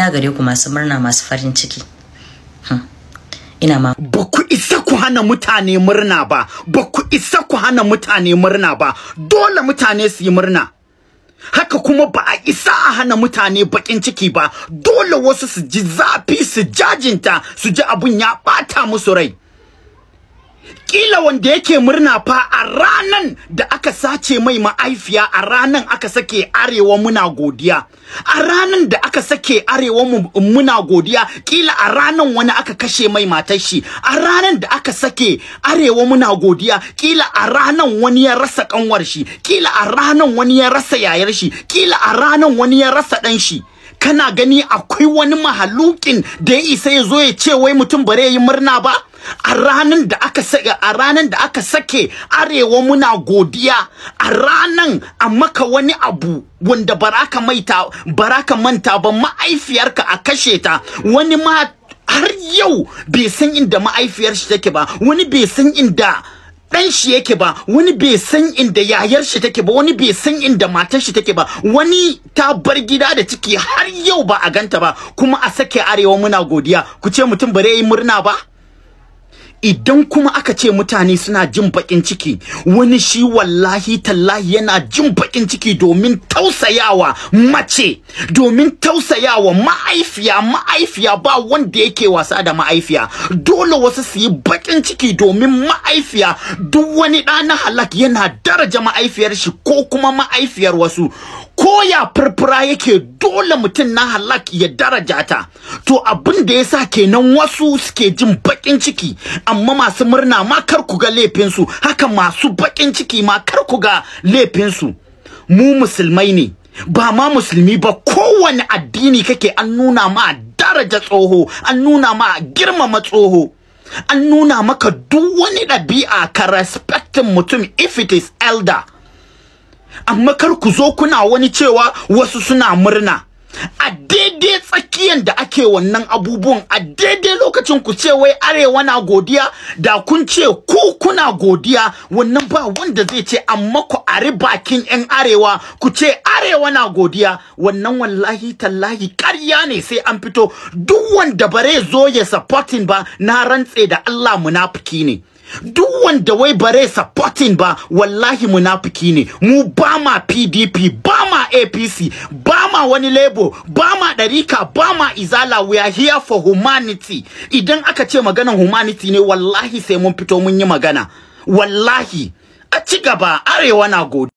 ya gare ku masu murna masu farin ciki hmm. ina ma ba ku isa ku hana mutane murna ba ba ku isa ku hana mutane murna ba dole mutane su yi murna haka kuma ba a isa a hana mutane bakin ciki ba dole wasu su ji zafi su jajinta su ji abun ya bata musu rai kila wanda yake murna fa a ranan da aka sace mai ma'aifiya a ranan aka sake arewa muna godiya a ranan da aka sake arewa muna godiya kila a ranan wani aka kashe mai matar shi a ranan da aka sake arewa muna godiya kila a ranan wani ya rasa kanwar shi kila a ranan wani ya rasa yayar shi kila a ranan wani ya rasa dan shi kana gani akwai wani mahalukin da ya isa ya zo ya ce wai mutum bare yi murna ba a ranan da aka sake a ranan da aka sake arewa muna godiya a ranan a maka wani abu wanda baraka maita baraka manta ba ma'aifiyarka a kashe ta wani ma har yau bai san inda ma'aifiyar shi take ba wani bai san inda dan shi yake ba wani bai san inda yayar shi take ba wani bai san inda matar shi take ba wani ta bar gida da ciki har yau ba a ganta ba kuma a sake arewa muna godiya ku ce mutum bare yi murna ba idan kuma aka ce mutane suna jin bakin ciki wani shi wallahi tallahi yana jin bakin ciki domin tausayawa mace domin tausayawa ma'aifiya ma'aifiya ba wanda yake wasa da ma'aifiya dole wasu su yi bakin ciki domin ma'aifiya duk wani ɗa na halak yana daraja ma'aifiyar shi ko kuma ma'aifiyar wasu ko ya furfura yake dole mutum na halak ya daraja ta to abin da yasa kenan wasu suke jin baƙin ciki amma masu murna ma kar ku ga lefin su haka masu baƙin ciki ma kar ku ga su mu musulmai ne ba ma musulmi ba kowane addini kake an nuna ma daraja tsoho an nuna ma girmama tsoho an nuna maka duk wani ɗabi'a ka respectin mutum if it is elder amma kar ku zo kuna wani cewa wasu suna murna a daidai tsakiyan da ake wannan abubuwan a daidai lokacin ku ce wai arewa na godiya da kun ce ku kuna godiya wannan ba wanda zai ce amma ku are bakin yan arewa ku ce arewa na godiya wannan wallahi tallahi karya ne sai an fito duk wanda bare zo ya supporting ba na rantse da Allah munafiki ne duk wanda wai bare supporting ba wallahi munafiki ne mu ba ma PDP ba ma APC ba ma wani label ba ma ɗarika ba ma izala we are here for humanity idan aka ce maganan humanity ne wallahi sai mun fito mun yi magana wallahi a ci gaba arewa na gode